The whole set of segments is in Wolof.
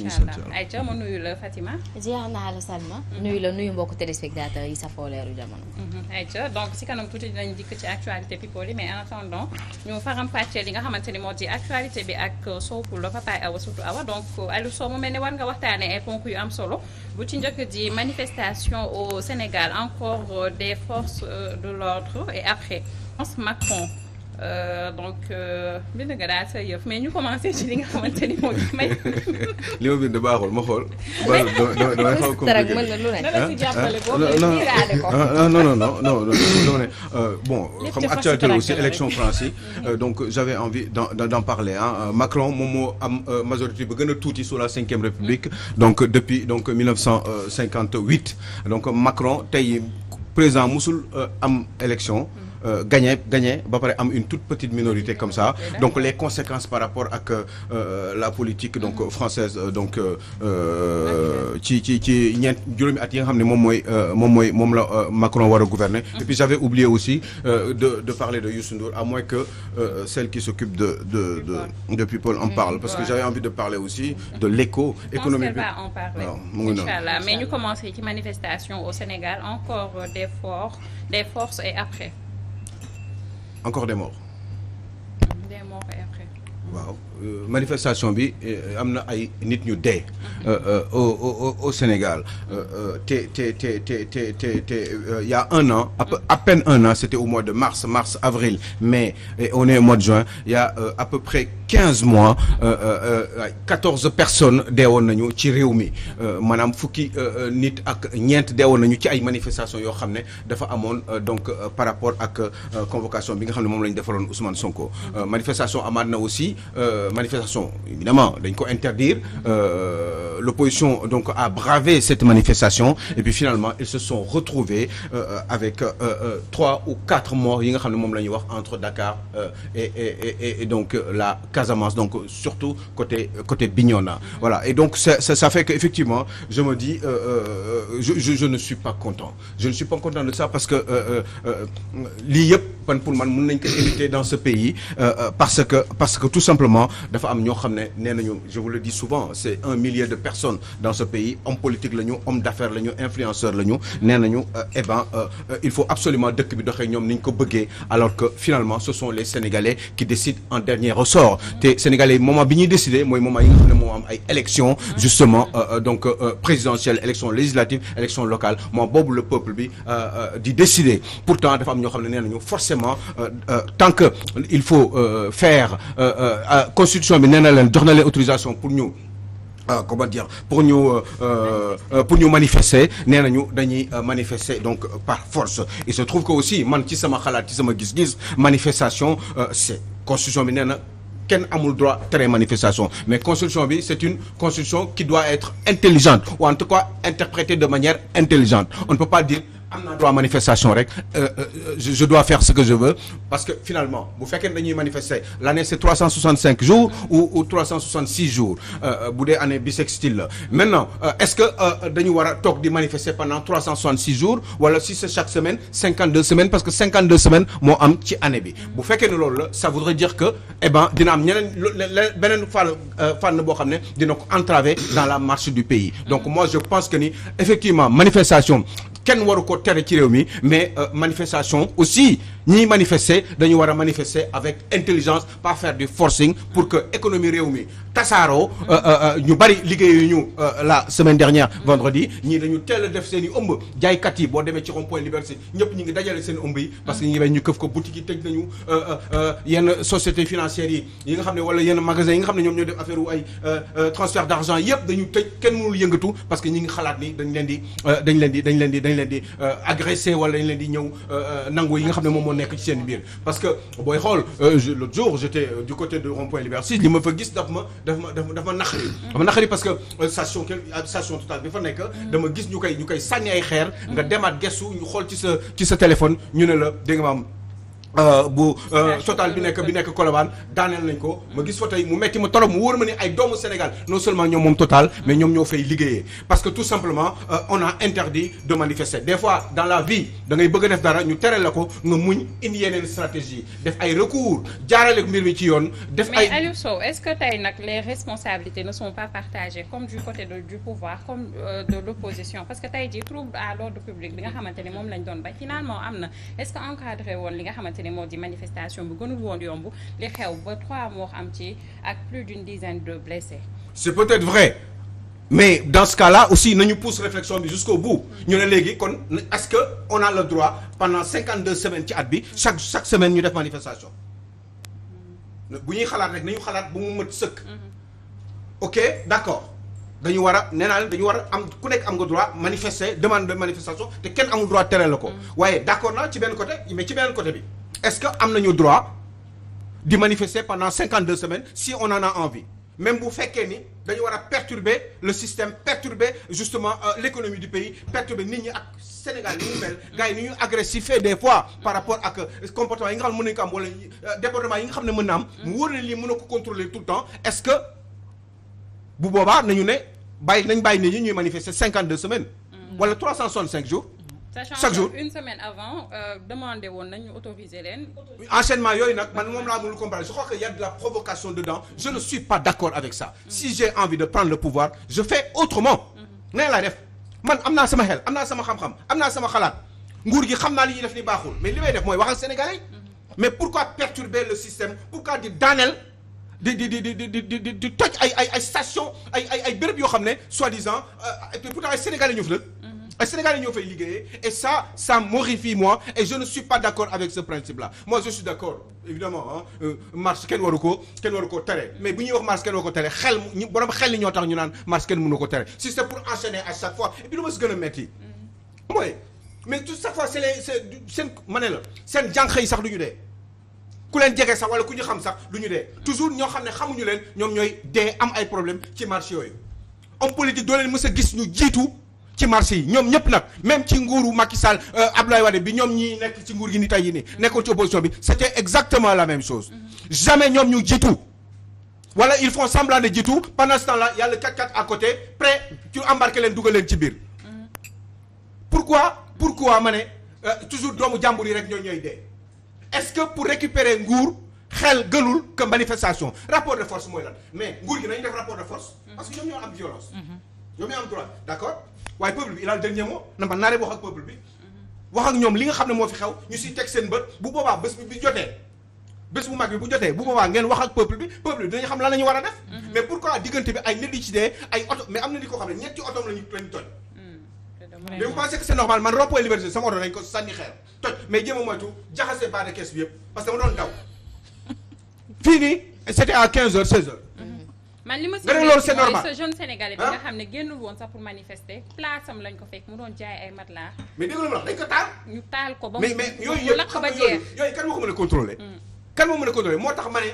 incha allah ayca ma nuyu la Fatima. ziar naa la Salma. nuyu la nuyu mbokku téléspectateurs yi safoo leeru jamono. Mm-hmm. ayca donc si kanam tuuti dinañ dikk ci actualité people yi mais en attendant ñu faram-fàccee li nga xamante ni moo di actualité bi ak euh, soppul la Papa Awa surtout Awa donc euh, Aliou Sow mu mel ne war nga waxtaanee ay ponk yu am solo bu ci njëkk di manifestation au Sénégal encore euh, des forces de l'ordre et après Macron. Euh, donc euh, bind nga daal nga xamante ni moo may. li ma bind baaxul ma xool. baaxul damay lu ne. dana ci jàppale ko non non non non non non non euh, bon comme actualité la aussi élection France yi mm-hmm. donc j'avais envie d'en d'en parler ah Macron moom am majorité ba gën a tuuti sous la cinquième république mm-hmm. donc depuis donc 1958 donc Macron tey président musul am élection. euh, gagner gagner ba pare am une toute petite minorité comme ça donc les conséquences par rapport ak euh, la politique donc mm-hmm. française euh, donc euh, euh, ci ci ci ñeent juróomi at yi nga xam ne moom mooy moom mooy la Macron war a gouverner mm-hmm. et puis j'avais oublié aussi de de parler de Youssou Ndour à moins que celle qui s'occupe de de de de People en mm-hmm. parle parce que j'avais envie de parler aussi de l'éco économique mais ñu commencé ci manifestation au Sénégal encore des forts des forces et après encore des morts. des morts et après. waaw. manifestation bi eh, am na ay nit ñu dee. Euh, euh, au au au Sénégal euh, te te te te te te te y' a un an à peine un an c' au mois de mars mars avril mai on est au mois de juin y' a à peu près quinze mois quatorze personnes deewoon nañu ci réew mi maanaam fukki nit ak ñeent deewoon nañu ci ay manifestations yoo xam ne dafa amoon donc par rapport ak convocation bi nga xam ne moom la ñu defaloon Ousmane Sonko. manifestation amaat na aussi. manifestation évidemment dañ ko interdire euh, l'opposition donc a bravé cette manifestation et puis finalement ils se sont retrouvés euh, avec euh, euh, trois ou quatre morts yi nga xam ne moom la ñuy wax entre Dakar euh, et donc la Casamance donc surtout côté côté Bignona voilà et donc ça ça, ça fait effectivement je me dis je, je je ne suis pas content je ne suis pas content de ça parce que lii yëpp man pour man mën nañ ko dans ce pays parce que parce que tout simplement dafa am ñoo xam ne nee nañu je vous le dis souvent c'est un millier de personnes dans ce pays homme politique la ñu homme d'affaires la ñu influenceur la ñu nee nañu euh, eh ben euh, euh, il faut absolument dëkk bi doxee ñoom ni ñu ko bëggee alors que finalement ce sont les Sénégalais qui décident en dernier ressort te Sénégalais moment bi ñuy décider moment yi nga moo am ay justement donc présidentielles élections législatives élections locales moom boobu le peuple bi di décider pourtant dafa am ñoo xam ne nee nañu forcément tant que il faut faire constitution bi nee na leen jox na leen autorisation pour ñu euh, comment dire pour ñu euh, euh, pour ñu manifester nee na nañu dañuy manifester donc par force il se trouve que aussi man ci sama xalaat ci sama gis manifestation c'est constitution bi nee na kenn amul droit tere manifestation mais constitution bi c'est une constitution qui doit être intelligente ou en tout cas interprétée de manière intelligente on ne peut pas dire am naa droit manifestation rek euh, euh, je dois faire parce que finalement bu fekkee dañuy manifester l'année c'est 365 jours ou ou 366 jours euh, bu dee année bissextile la maintenant est-ce que dañu war a toog di manifester pendant 366 jours wala si c'est chaque semaine 52 semaines parce que 52 semaines moo am ci bi bu fekkee ne loolu la ça voudrait dire que eh ben dina am ñeneen beneen fànn boo xam ne dina ko entraver dans la marche du pays donc moi je que ni effectivement manifestation kenn waru ko tere ci réew mi mais euh, manifestation aussi ñiy manifester dañu war a manifester avec intelligence pas faire du forcing pour que économie réew mi tasaaroo euh, euh, euh, ñu bari liggéey ñu la semaine dernière vendredi ñii dañu teel a def seen i ëmb jaaykat yi boo demee ci rond point liberté ñëpp ñu ngi dajale seen ëmb yi parce que ñi ngi bay ñu këf ko boutique yi tëj nañu yenn société financières yi yi nga xam ne wala yenn magasin yi nga xam ne ñoom ñoo def affaire wu ay transfert d'argent yëpp dañu tëj kenn mënul yëngatu parce que ñi ngi xalaat ni dañ leen di dañ leen di dañ leen di dañ leen di agressé wala dañ leen di ñëw nangu yi nga xam ne moom moo nekk ci seen biir parce que booy xool euh, l'autre jour j'étais euh, du côté de rond-point Liberté 6 li ma fa gis daf ma daf ma daf daf ma naqari mm-hmm. daf ma naqari parce que euh, station ah, station Total bi fa nekk mm-hmm. dama gis ñu koy ñu koy sànni ay xeer nga mm-hmm. demaat gestu ñu xool ci sa ci sa téléphone ñu ne la dégg nga maam Euh, bu euh, total bi nekk bi nekk Colobane daaneel nañ ko ma gis fa mu metti ma torop mu wóor ma ni ay doomu Sénégal non seulement ñoom moom total mais ñoom ñoo fay liggéeyee parce que tout simplement euh, on a interdit de manifester des fois dans la vie da bëgg a def dara ñu tere la ko nga muñ indi yeneen stratégie def ay recours jaarale mbir mi ci yoon def ay mais Aliou Sow est-ce que tey nag les responsabilités ne sont pas partagées comme du côté du pouvoir est xamante moo di manifestation bu gënul woon yomb li xew ba trois morts am ci ak plus d'une dizaine de blessés. c'est peut-être vrai mais dans ce cas-là aussi nañu pousse réflexion bi jusqu'au bout ñu ne léegi kon est que on a la droit pendant cinquante deux semaines ci at bi chaque chaque semaine ñu def manifestation bu ñuy xalaat rek nañu xalaat bu mu mët sëkk. Mhm. ok d'accord dañu war a nee naa leen dañu war a am ku nekk am nga droit manifester demande de manifestation te kenn amul droit tere la ko. Mhm. waaye d'accord naa ci benn côté mais ci benn côté bi. est-ce que am nañu droit di manifester pendant cinquante deux semaines si on en a envie même bu fekkee ni dañu war a perturber le système perturber justement euh, l'économie du pays perturber nit ñi ak Sénégal ni ñu mel gars yi ni ñu agressif des fois par rapport ak euh, comportement yi nga xam ne mën nañu ko wala euh, débordement yi nga xam ne mën na am mu wóor na lii na ko contrôler tout le temps est-ce que bu boobaa ñu ne bàyyi nañ bàyyi nit ñi ñuy manifester cinquante deux semaines mm. wala trois cent soixante cinq chaque jour une semaine avant euh, demandé woon nañu autoriser leen. enchaînement yooyu nag man moom laa mënul comprendre je crois que y a de la provocation dedans je ne suis pas d'accord avec ça. Mm-hmm. si j'ai envie de prendre le pouvoir je fais autrement. Mm-hmm. nee laa def man am naa sama xel am naa sama xam-xam am naa sama xalaat nguur gi xam naa li ñuy def ni baaxul mais li may def mooy wax ak sénégalais. Mm-hmm. mais pourquoi perturber le système pourquoi di daaneel di di di di di di di toj ay ay ay ay ay yoo xam ne soi-disant euh, et puis pourtant ay sénégalais ay Sénégalais ñoo fay liggéeyee et ça ça m'horrifie moi et je ne suis pas d'accord avec ce principe là moi je suis d'accord évidemment euh, marche kenn waru ko kenn waru ko tere mais bu ñuy wax marche kenn waru ko tere xel ñu borom xel ñoo tax ñu naan marche kenn mënu ko tere si c'est pour enchaîner à chaque fois et puis ma si gën a metti mm-hmm. mais tout chaque fois c'est les c'est seen ma ne la seen jànq yi sax lu ñu dee ku leen jege sax wala ku ñu xam sax lu ñu dee toujours ñoo xam ne xamuñu leen ñoom ñooy dee am ay problème ci marché yooyu homme politique doo leen mës a ci marché yi ñoom ñëpp nag même ci nguuru Macky Sall euh, Abdoulaye Wade bi ñoom ñi nekk ci nguur gi ni tey yi nii nekkoon ci opposition bi c'était exactement la même chose jamais ñoom ñu jiitu wala ils faut semblant de jiitu pendant ce temps yàlla y a à côté prêt tu embarqué leen dugal leen ci biir pourquoi pourquoi ma ne euh, toujours doomu jàmbur yi rek ñooy ñooy dee est-ce que pour récupérer nguur xel gëlul que manifestation rapport de force mooy lan mais nguur gi nañu de force parce que ñoom ñoo am waaye peuple bi il a le dernier mot na man naa dem wax ak peuple bi wax ak ñoom li nga xam ne moo fi xew ñu si teg seen bët bu boobaa bés bi bi jotee bés bu mag bi bu jotee bu boobaa ngeen wax ak peuple bi peuple bi dinañ xam lan la ñu war a def. Mm-hmm. mais pourquoi diggante bi ay nit di ci dee ay oto mais am na nit koo xam ne ñetti otoom la ñu toj. Mm-hmm. mais vous pensez que c'est normal man rond Liberté sama oto dañ sànni xeer toj mais jéem a moytu jaxase baa de kees bi yëpp fii nii à 15 heures 16 man li ma si loolu c'est normal ce jeune sénégalais bi ah. xam ne génn woon sax pour manifester place am lañ ko fekk mu doon jaay ay matelas. mais dégg nga lu ma wax dañ ko taal. ñu taal ko ba mu ba jeex mais mais yooyu yëpp xam nga yooyu yooyu kan ko mën a contrôler. Hmm. kan moo mën a contrôler moo tax ma ne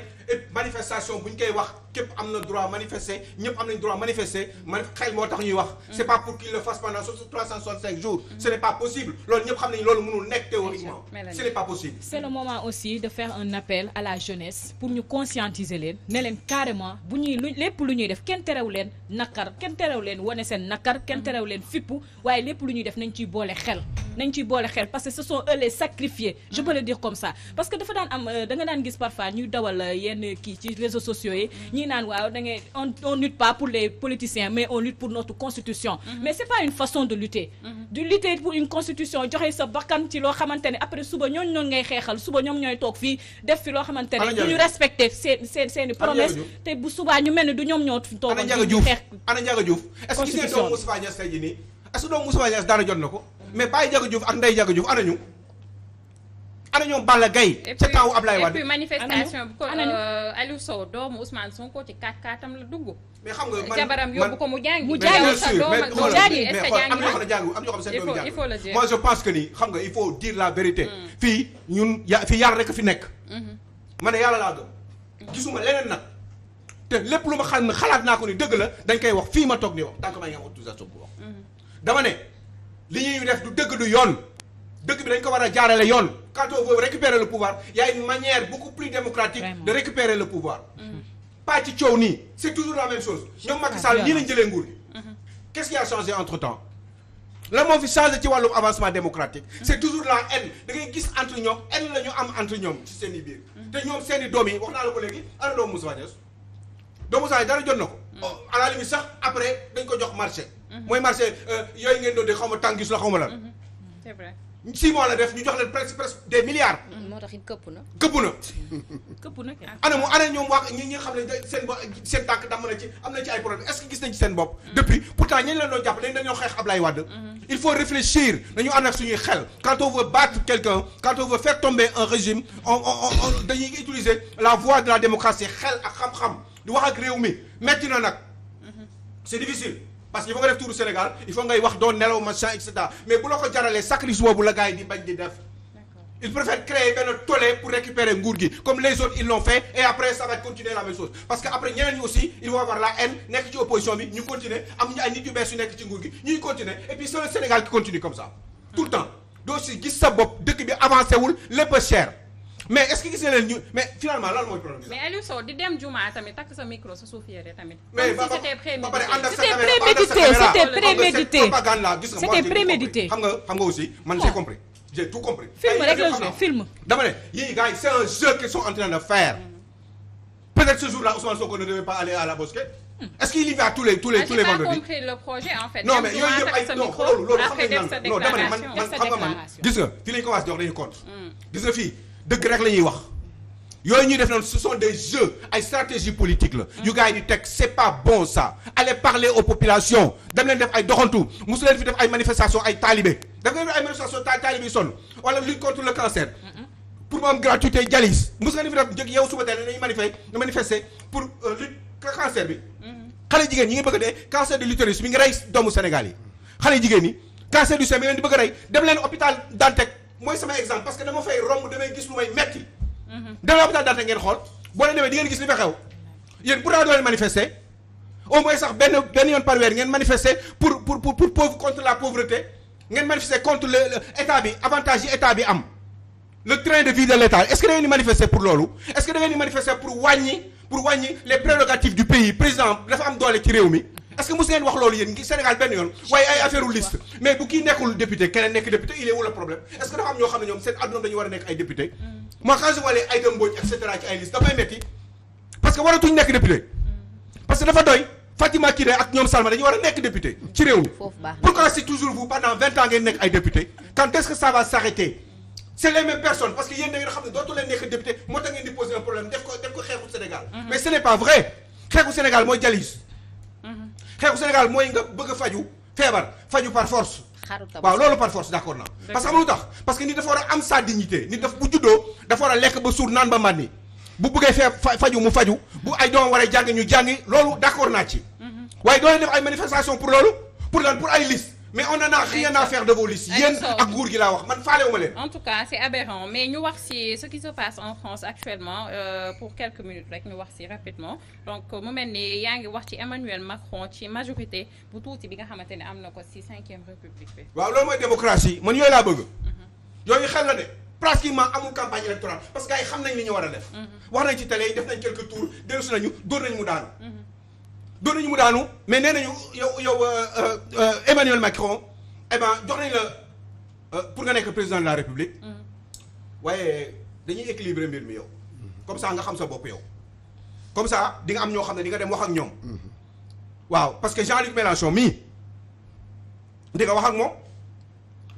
manifestation bu ñu koy wax képp am na droit manifester ñëpp am nañ droit manifester man xel moo tax ñuy wax. c' est pas pour qu'il le fasse pendant trois cent soixante cinq jours. Mm-hmm. ce n' est pas possible loolu ñëpp xam nañ loolu mënul nekk théoriquement. ce n' est pas possible. c' est moment aussi de faire un appel à la jeunesse pour ñu conscientiser leen ne leen carrément bu ñuy lu lépp lu ñuy def kenn terew leen nakar kenn terew leen wane seen nakar kenn terew leen fippu waaye lépp lu ñuy def nañ ciy boole nañ ci boole xel parce que ce sont eux les sacrifiés je peux le dire comme ça parce que dafa daan am euh, da daan gis parfois ñuy dawal euh, yenn kii ci réseaux sociaux yi ñii naan waaw da ngay on on lutte pas pour les politiciens mais on lutte pour notre constitution mhm. mais c'est pas une façon de lutter mhm. de lutter pour une constitution joxe sa bakkan ci loo xamante ne après suba ñooñu noonu ngay xeexal suba ñoom ñooy toog fii def fi loo xamante ne du ñu respecté seen seen seen promesse te subaa ñu mel ne du ñoom ñoo toogoon ana Ndiaga Diouf ana Ndiaga Diouf est-ce que gis nga doomu Moustapha Niass na ko mais Baye Diaga Diouf ak Ndeye Diaga Diouf ana ñu. ana ñoom Balla Gaye ca temps wu Ablaye Wade et puis manifestation bu ko euh, Aliou Sow doomu Ousmane ko ci kaat kaatam la dugg. mais xam nga jabaram yóbbu ko mu jàngi. mu jàngi sa doom ak mu na ñoo xam ne jàngu na ñoo xam ne seen doom jàngu. il faut le dire moi je pense que ni xam nga il faut dire la vérité. Mm. fii ñun ya fii yàlla rek fi nekk. Mm-hmm. ma yàlla laa gëm. Mm-hmm. gisuma leneen nag. te lépp lu ma xam ne xalaat naa ko ni dëgg la dañ koy wax fii ma toog nii wax tant que may nga wax. Mm-hmm. dama ne. li ñuy def du dëgg du yoon dëgg bi dañ ko war a jaarale yoon quand on veut récupérer le pouvoir yaay a une manière beaucoup plus démocratique Vraiment. de récupérer le pouvoir mm-hmm. pas ci coow nii c'est toujours la même chose ñoom Macky Sall ñii lañ jëlee nguur gi mm-hmm. qu'est-ce changé entre temps la moo fi changé ci wàllu avancement démocratique mm-hmm. c'est toujours la haine da ngay gis entre ñoom haine la ñu am entre ñoom ci seen i biir te ñoom seen i doom yi wax naa la ko léegi ana doomu Moussa Dias doomu Moussa dara jot na ko Mm. Oh, à la sax après dañ ko jox marché. Mm-hmm. mooy marché euh, yooyu ngeen doon de xaw ma tàngis la xaw ma lan. Mm-hmm. Mm-hmm. c'est vrai. six la def ñu jox leen presque presque des milliards. Mm. moo tax it këpp na. këpp na. këpp na ana mu ana ñoom wax ñi nga xam ne seen bo seen tànk damm na ci am na ci ay problème est-ce gis nañ ci seen bopp. Mm. depuis pourtant ñenn la doon jàpp léegi dañoo xeex Ablaye Wade. il faut réfléchir dañu ànd ak suñuy xel quand on veut battre quelqu'un quand on veut faire tomber la voie de la démocratie xel di wax ak réew mi metti na nag mhm. c'est difficile parce que il faut nga ngay wax doon nelaw machin et cetera mais bu la ko jaralee sacrifice boobu la gars yi di bañ di def ils préfèrent créer benn tollé pour récupérer nguur gi comme les autres ils l'ont fait et après ça va continuer la même parce que après ñeneen ñi aussi ils vont avoir la haine nekk ci opposition bi ñu continuer am ñu ay nit yu bees yu nekk ci nguur gi ñuy continuer et puis c'est Sénégal qui continue comme ça sa bopp dëkk bi avancé wul lépp a mais est-ce que gis nga leen ñu mais finalement lan mooy problème mais Aliou Sow di dem juma tamit takk sa micro sa suuf yére tamit. mais ba ba c'était prémédité xam nga xam nga aussi man j'ai compris j'ai tout compris. film rek la joué film. dama ne yii gars yi c'est un jeu qu'ils sont en train de faire peut-être ce jour-là Ousmane Sonko ne devait pas aller à la bosquée. Hmm. est-ce qu'il y va tous les tous les ah, tous les vendredis. j'ai pas compris le projet en fait. non mais yooyu yëpp ay non loolu xam nga man man xam nga man gis nga fii lañu commencé jox dañu compte. Hmm. gis nga fii. dëgg rek la ñuy wax yooyu ñuy def noonu ce sont des jeux ay stratégie politique la yu gars yi di teg c'est pas bon ça allez parler aux populations dem leen def ay doxantu mosu leen fi def ay manifestation ay taalibe daf leen def ay manifestation ta taalibe yu sonn wala lutte contre le cancer pour mu am jalis mos nga fi def njëkk yow suba teel nañu manifester manifester pour euh, lutte cancer bi xale jigéen ñi ngi bëgg a dee cancer de l'utérus mi ngi rey doomu Sénégal jigéen ñi cancer du sein mi leen di mooy sama exemple parce que dama fay romb damay gis lu may metti mhm. dans l'hôpital Dantec ngeen xool boo leen demee di ngeen gis li fa xew yéen pourtant doo leen manifester au moins sax benn benn yoon par weer ngeen manifester pour pour pour pour pauvre contre la pauvreté ngeen manifester contre le état bi avantage état bi am le train de vie de pour loolu est-ce que da ngeen di manifester pour wàññi pour wàññi les prérogatives du pays président dafa am doole ci réew mi est-ce que wax loolu yéen ngi Sénégal benn yoon waaye ay affaire liste mais bu kii nekkul député keneen nekk député il est où le problème est-ce xam ne ñoom seen nekk député mm. moi quand je vois parce que waratuñ nekk député mm. parce que dafa doy Fatima Kide xam ne dootu leen nekk député moo tax ngeen di poser un problème def ko xeexu Sénégal mm-hmm. mais ce n'est pas vrai xeexu Sénégal mooy jalis xeexu Sénégal mooy nga bëgg a faju feebar faju par force. waaw loolu par force d'accord naa parce que xam lu tax parce que nit dafa war a am sa dignité nit daf bu juddoo dafa war a lekk ba suur naan ba màndi bu bëggee fee faju mu faju bu ay doom war a jàng ñu jàngi loolu d'accord naa ci mm-hmm. waaye doo def ay manifestation pour loolu pour lan pour ay liste mais on en a rien à faire de vos listes yéen ak nguur gi laa wax man faalewu ma leen en tout cas c'est aberrant mais ñu wax ci ce qui se passe en France actuellement euh, pour quelques minutes rek ñu wax ci rapidement donc mu mel ni yaa ngi wax ci Emmanuel Macron ci majorité bu tuuti bi nga xamante ne am na ko si cinquième république bi waaw loolu mooy démocratie man yooyu laa bëgg mhm. yooyu xel na de pratiquement amul campagne électorale parce que gars xam nañ li ñu war a def mhm. wax nañ ci def nañ quelques tours dellusi nañu dóor nañ mu doon nañu mu daanu mais nee nañu yow yow euh, euh, euh, Emmanuel Macron eh ben jox nañ la pour nga nekk président de la république. Mm. waaye dañuy équilibrer mbir mi yow. comme ça nga xam sa bopp yow. comme ça di nga am ñoo xam ne di nga dem wax ak ñoom. Mm-hmm. waaw parce que Jean-Luc Mélenchon mii di nga wax ak moom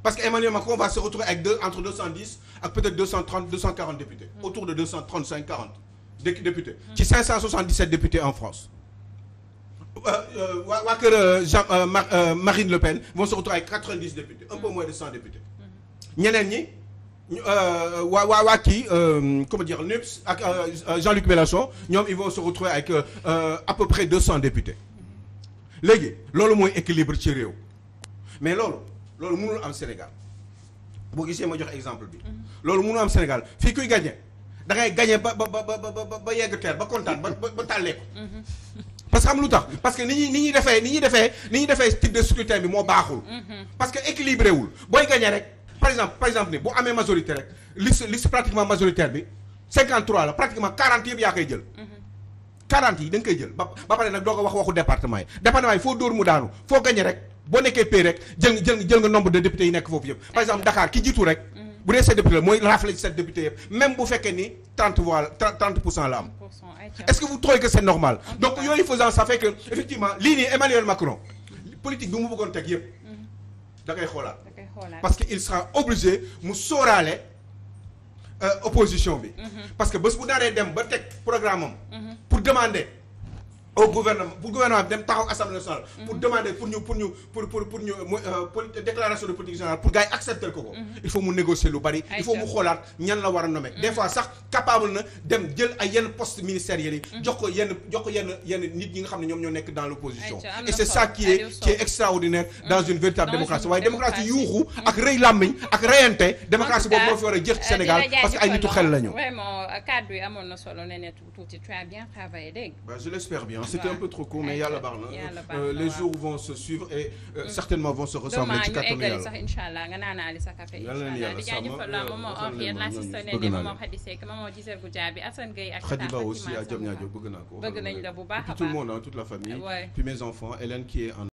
parce que Emmanuel Macron va se retrouver deux entre deux cent dix ak peut deux cent quarante députés. Mm. Mm. ci députés en France. Euh, euh, waa waa kër euh, Jean Marine Le Pen vont se retrouver avec 90 députés un peu moins de 100 députés. ñeneen ñi ñu waa waa ki kii comment dire NUPS ak Jean-Luc Mélenchon ñoom ils vont se retrouver avec à peu près 200 députés. léegi loolu mooy équilibre ci réew mais loolu loolu mënul am Sénégal boo gisee ma jox exemple bi. loolu mënul am Sénégal fii kuy gagné da ngay gagné ba ba ba ba ba yegg teer ba kontaan ba ba tàllee mhm. parce que xam lu tax parce que ni ñuy ni ñuy defee ni ñuy defee ni de scrutin bi moo baaxul. Mhm. parce que équilibré wul booy gagné rek par exemple par exemple ni bu amee majorité rek liste liste pratiquement majoritaire bi 53 la pratiquement 40 yëpp yaa koy jël. 40 mhm. yi da nga koy jël ba ba pare nag doo ko wax waxu département yi département yi foo dóor mu daanu foo gagné rek boo nekkee pay rek jël jël nga nombre de députés yi bu dee sept députés la mooy rafle ci sept députés yëpp bu fekkee ni trente voix trente pour cent la am est-ce que vous trouvez que c'est normal donc yooyu faisant ça fait que effectivement lii nii Emmanuel Macron politique bi mu bëggoon teg yëpp mm-hmm. da koy xoolaat parce que il sera obligé mu sóoraale euh, opposition bi mm-hmm. parce que bés bu naree dem ba teg programme am mm-hmm. pour demander au gouvernement pour gouvernement bi dem taxaw assemblée nationale. pour mhm. demander pour ñu pour ñu pour pour pour ñu euh, déclaration de politique générale pour gars yi accepter ko ko. Mhm. il faut mu négocier lu bari. il faut mu xoolaat ñan la war a nommer. des mhm. fois sax capable na dem jël ay yenn poste ministériels yi. jox ko yenn jox ko yenn nit ñi nga xam ne ñoom ñoo nekk dans l' opposition. et c' ça qui est qui est extraordinaire. dans une véritable démocratie waaye démocratie euh, que ay c'était un peu trop court mais a baax na euh, les jours vont se suivre et euh, mm. certainement vont se ressembler ci kàttanu yàlla sax inchallah nga naanaali sa café inchallah di jaajëfal la moom moo Orien l'assistante ni moom moo Khady ak Khady Ba aussi à Diamniadio bëgg naa ko a tout le monde toute la famille puis mes enfants Hélène qui est en